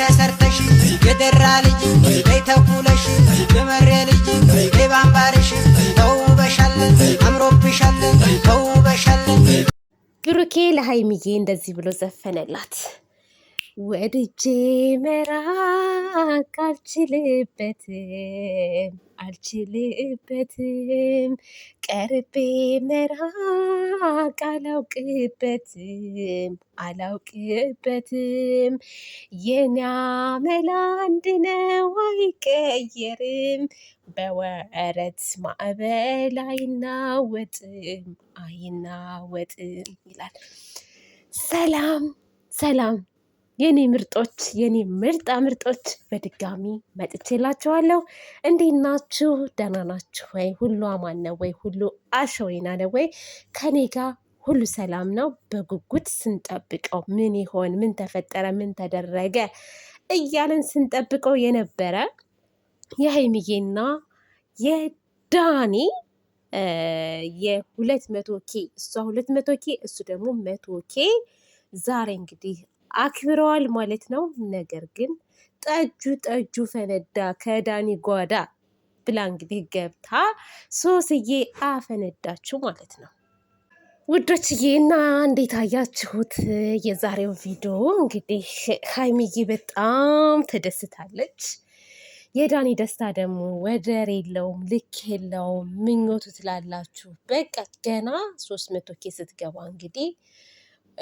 ተሰርተሽ የደራ ልጅ በይ ተኩለሽ የመሬ ልጅ በይ ባምባርሽ ተውበሻለን አምሮብሻለን ተውበሻለን ብሩኬ ለሀይሚዬ እንደዚህ ብሎ ዘፈነላት። ወድጄ መራቅ አልችልበትም አልችልበትም ቀርቤ መራቅ አላውቅበትም አላውቅበትም የኔ አንድ ነው አይቀየርም በወረት ማዕበል አይናወጥም አይናወጥም ይላል። ሰላም ሰላም የኔ ምርጦች የኔ ምርጣ ምርጦች በድጋሚ መጥቼላችኋለሁ። እንዴት ናችሁ? ደህና ናችሁ ወይ? ሁሉ አማን ነው ወይ? ሁሉ አሸወይና ነው ወይ? ከኔ ጋር ሁሉ ሰላም ነው። በጉጉት ስንጠብቀው ምን ይሆን ምን ተፈጠረ ምን ተደረገ እያለን ስንጠብቀው የነበረ የሀይሚዬና የዳኒ የሁለት መቶ ኬ እሷ ሁለት መቶ ኬ እሱ ደግሞ መቶ ኬ ዛሬ እንግዲህ አክብረዋል ማለት ነው። ነገር ግን ጠጁ ጠጁ ፈነዳ ከዳኒ ጓዳ ብላ እንግዲህ ገብታ ሶስዬ አፈነዳችሁ ማለት ነው። ውዶችዬ እና እንዴት አያችሁት የዛሬው ቪዲዮ? እንግዲህ ሀይሚዬ በጣም ተደስታለች። የዳኒ ደስታ ደግሞ ወደር የለውም፣ ልክ የለውም። ምኞቱ ትላላችሁ በቃ ገና ሶስት መቶ ኬ ስትገባ እንግዲህ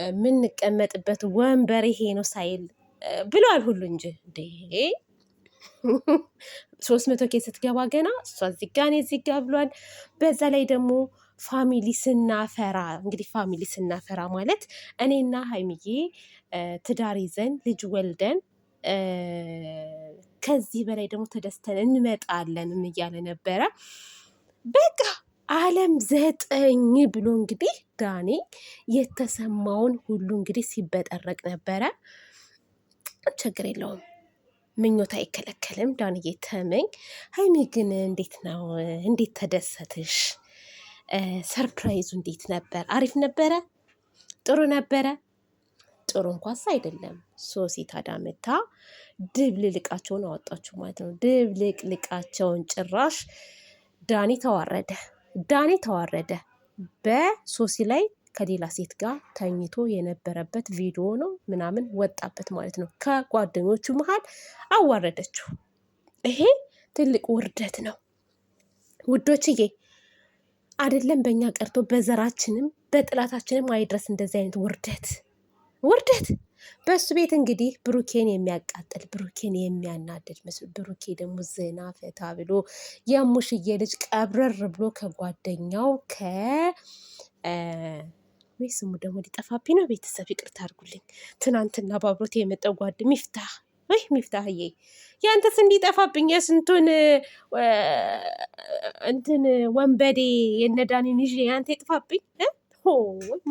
የምንቀመጥበት ወንበር ይሄ ነው ሳይል ብለዋል ሁሉ እንጂ እንዴ ሶስት መቶ ኬ ስትገባ ገና እሷ እዚህ ጋ እኔ ብሏል። በዛ ላይ ደግሞ ፋሚሊ ስናፈራ እንግዲህ ፋሚሊ ስናፈራ ማለት እኔና ሀይሚዬ ትዳር ይዘን ልጅ ወልደን ከዚህ በላይ ደግሞ ተደስተን እንመጣለን እያለ ነበረ። በቃ አለም ዘጠኝ ብሎ እንግዲህ ዳኒ የተሰማውን ሁሉ እንግዲህ ሲበጠረቅ ነበረ። ችግር የለውም ምኞት አይከለከልም። ዳንዬ ተመኝ። ሀይሚ ግን እንዴት ነው? እንዴት ተደሰትሽ? ሰርፕራይዙ እንዴት ነበር? አሪፍ ነበረ? ጥሩ ነበረ? ጥሩ እንኳስ አይደለም። ሶሲ ታዳምታ ድብልቃቸውን አወጣችሁ ማለት ነው። ድብልቅልቃቸውን ጭራሽ ዳኒ ተዋረደ። ዳኒ ተዋረደ። በሶሲ ላይ ከሌላ ሴት ጋር ተኝቶ የነበረበት ቪዲዮ ነው ምናምን ወጣበት ማለት ነው። ከጓደኞቹ መሀል አዋረደችው። ይሄ ትልቅ ውርደት ነው ውዶችዬ። አይደለም በእኛ ቀርቶ በዘራችንም በጥላታችንም አይድረስ እንደዚህ አይነት ውርደት ውርደት በእሱ ቤት እንግዲህ ብሩኬን የሚያቃጥል ብሩኬን የሚያናደድ ምስል ብሩኬ ደግሞ ዝና ፈታ ብሎ የሙሽዬ ልጅ ቀብረር ብሎ ከጓደኛው ከ ወይ ስሙ ደግሞ ሊጠፋብኝ ነው። ቤተሰብ ይቅርታ አድርጉልኝ። ትናንትና ባብሮት የመጣው ጓድ ሚፍታህ ወይ ሚፍታህዬ፣ የአንተስ እንዲጠፋብኝ የስንቱን እንትን ወንበዴ የነዳኒን ይዤ የአንተ ይጥፋብኝ። ሆ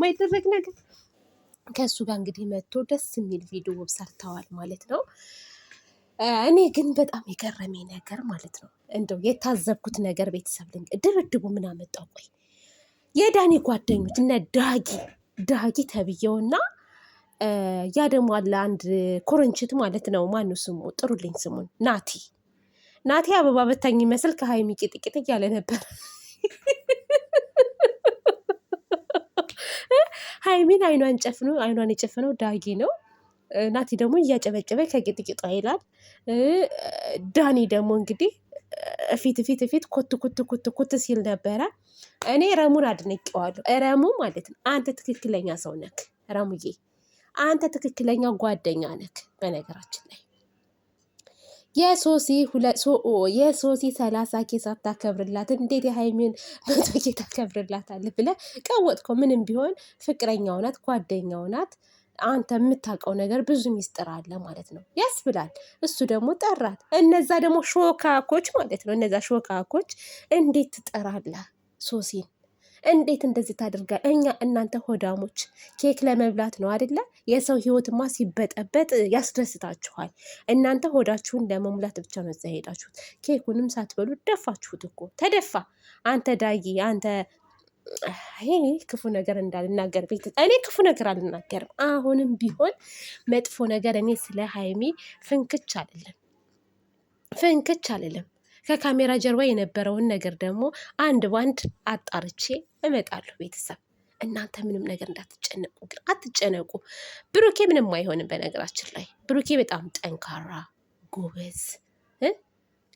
ማይደረግ ነገር ከእሱ ጋር እንግዲህ መጥቶ ደስ የሚል ቪዲዮ ሰርተዋል ማለት ነው። እኔ ግን በጣም የገረመኝ ነገር ማለት ነው እንደው የታዘብኩት ነገር ቤተሰብ ልንገ ድብድቡ ምን አመጣው? ቆይ የዳኒ ጓደኞች እነ ዳጊ ዳጊ እና ያ ደግሞ አለ አንድ ኩርንችት ማለት ነው። ማኑ ስሙ ጥሩልኝ ስሙን ናቲ ናቲ አበባ በታኝ ይመስል ከሀይሚ ቂጥቂጥ እያለ ነበር። ሀይሚን አይኗን ጨፍኖ አይኗን የጨፍነው ዳጊ ነው። ናቲ ደግሞ እያጨበጨበ ከጌጥጌጧ ይላል። ዳኒ ደግሞ እንግዲህ ፊት ፊት ፊት ኮት ኮት ኮት ኮት ሲል ነበረ። እኔ ረሙን አድንቄዋለሁ። ረሙ ማለት ነው አንተ ትክክለኛ ሰው ነክ፣ ረሙዬ አንተ ትክክለኛ ጓደኛ ነክ በነገራችን ላይ የሶሲ ሰላሳ ኬ ሳታከብርላት እንዴት የሀይሚን መቶ ኬ ታከብርላታል ብለ ቀወጥከው። ምንም ቢሆን ፍቅረኛው ናት፣ ጓደኛው ናት። አንተ የምታውቀው ነገር ብዙ ሚስጥር አለ ማለት ነው ብላል። እሱ ደግሞ ጠራት። እነዛ ደግሞ ሾካኮች ማለት ነው። እነዛ ሾካኮች እንዴት ትጠራለህ ሶሲን? እንዴት እንደዚህ ታደርጋ? እኛ እናንተ ሆዳሞች ኬክ ለመብላት ነው አደለ? የሰው ህይወትማ ሲበጠበጥ ያስደስታችኋል። እናንተ ሆዳችሁን ለመሙላት ብቻ ነው እዛ ሄዳችሁት። ኬኩንም ሳትበሉ ደፋችሁት እኮ ተደፋ። አንተ ዳጊ፣ አንተ ይሄ ክፉ ነገር እንዳልናገር ቤት እኔ ክፉ ነገር አልናገርም። አሁንም ቢሆን መጥፎ ነገር እኔ ስለ ሀይሚ ፍንክች አልልም፣ ፍንክች አልልም። ከካሜራ ጀርባ የነበረውን ነገር ደግሞ አንድ ባንድ አጣርቼ እመጣለሁ። ቤተሰብ እናንተ ምንም ነገር እንዳትጨነቁ ግን አትጨነቁ። ብሩኬ ምንም አይሆንም። በነገራችን ላይ ብሩኬ በጣም ጠንካራ ጎበዝ፣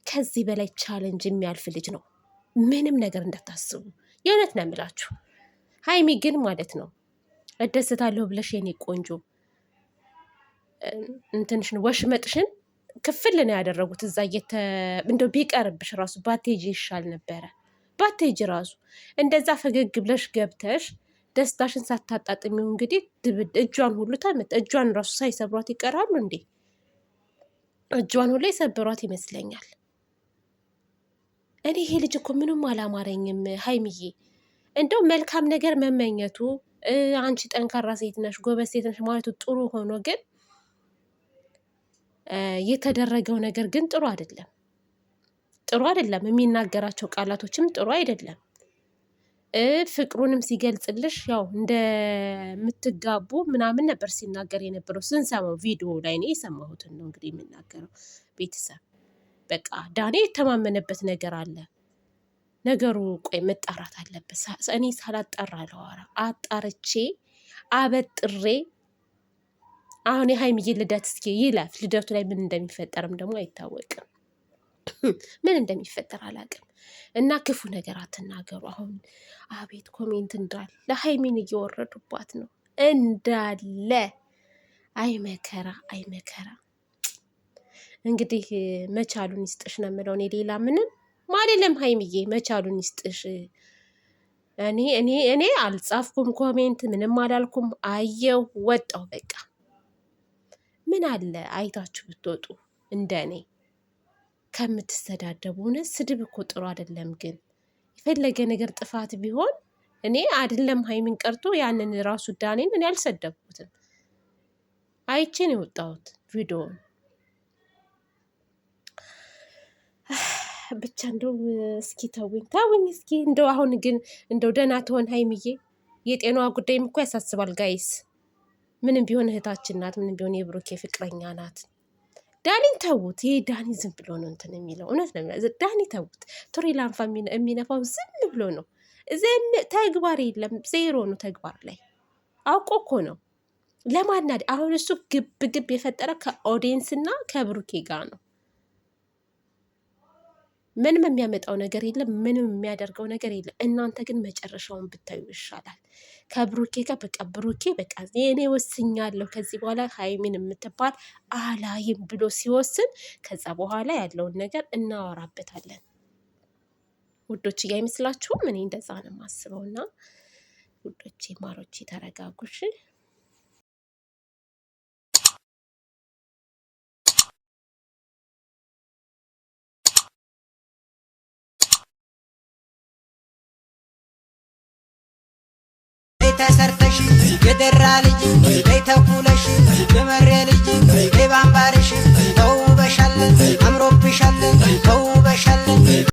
ከዚህ በላይ ቻለንጅ የሚያልፍ ልጅ ነው። ምንም ነገር እንዳታስቡ፣ የእውነት ነው የምላችሁ። ሀይሚ ግን ማለት ነው እደስታለሁ ብለሽ የኔ ቆንጆ እንትንሽን ወሽመጥሽን ክፍል ነው ያደረጉት። እዛ እንደ ቢቀርብሽ ራሱ ባቴጅ ይሻል ነበረ። ባቴጅ ራሱ እንደዛ ፈገግ ብለሽ ገብተሽ ደስታሽን ሳታጣጥሚው እንግዲህ እጇን ሁሉ ታመት እጇን ራሱ ሳይሰብሯት ይቀራሉ እንዴ? እጇን ሁሉ የሰብሯት ይመስለኛል። እኔ ይሄ ልጅ እኮ ምንም አላማረኝም ሀይምዬ። እንደው መልካም ነገር መመኘቱ አንቺ ጠንካራ ሴት ነሽ፣ ጎበዝ ሴት ነሽ ማለቱ ጥሩ ሆኖ ግን የተደረገው ነገር ግን ጥሩ አይደለም። ጥሩ አይደለም። የሚናገራቸው ቃላቶችም ጥሩ አይደለም። ፍቅሩንም ሲገልጽልሽ ያው እንደምትጋቡ ምናምን ነበር ሲናገር የነበረው ስንሰማው፣ ቪዲዮ ላይ ነው የሰማሁትን ነው እንግዲህ የምናገረው። ቤተሰብ በቃ ዳኔ የተማመነበት ነገር አለ። ነገሩ ቆይ መጣራት አለበት። እኔ ሳላጠራ ለዋራ አጣርቼ አበጥሬ አሁን የሀይሚዬ ልደት እስኪ ይለፍ። ልደቱ ላይ ምን እንደሚፈጠርም ደግሞ አይታወቅም። ምን እንደሚፈጠር አላውቅም። እና ክፉ ነገር አትናገሩ። አሁን አቤት ኮሜንት እንዳለ ሀይሚን እየወረዱባት ነው እንዳለ። አይ መከራ፣ አይ መከራ። እንግዲህ መቻሉን ይስጥሽ ነው የምለው እኔ ሌላ ምንም ማደለም። ሀይሚዬ መቻሉን ይስጥሽ። እኔ እኔ እኔ አልጻፍኩም ኮሜንት፣ ምንም አላልኩም። አየው ወጣው በቃ ምን አለ አይታችሁ ብትወጡ እንደ እኔ ከምትሰዳደቡ። እውነት ስድብ እኮ ጥሩ አይደለም። ግን የፈለገ ነገር ጥፋት ቢሆን እኔ አይደለም ሀይሚን ቀርቶ ያንን ራሱ ዳኔን እኔ አልሰደብኩትም። አይቼን የወጣሁት ቪዲዮን ብቻ እንደው እስኪ ተውኝ ተውኝ፣ እስኪ እንደው አሁን ግን እንደው ደህና ትሆን ሀይሚዬ። የጤናዋ ጉዳይም እኮ ያሳስባል ጋይስ። ምንም ቢሆን እህታችን ናት። ምንም ቢሆን የብሩኬ ፍቅረኛ ናት። ዳኒን ተዉት። ይሄ ዳኒ ዝም ብሎ ነው እንትን የሚለው እውነት ነው። ዳኒ ተዉት። ቶሪ ላንፋ የሚነፋው ዝም ብሎ ነው። ዝም ተግባር የለም፣ ዜሮ ነው ተግባር ላይ አውቆ እኮ ነው ለማናድ። አሁን እሱ ግብ ግብ የፈጠረ ከኦዲየንስና ከብሩኬ ጋር ነው። ምንም የሚያመጣው ነገር የለም፣ ምንም የሚያደርገው ነገር የለም። እናንተ ግን መጨረሻውን ብታዩ ይሻላል። ከብሩኬ ጋር በቃ ብሩኬ በቃ እኔ ወስኛለሁ ከዚህ በኋላ ሀይሚን የምትባል አላይም ብሎ ሲወስን ከዛ በኋላ ያለውን ነገር እናወራበታለን። ውዶች አይመስላችሁም? እኔ እንደዛ ነው የማስበውና ውዶቼ ማሮቼ ተረጋጉሽ። ተሰርተሽ የደራ ልጅ በይ ተኩለሽ የመሬ ልጅ በይ ባምባርሽ ተውበሻለን አምሮብሻለን ተውበሻለን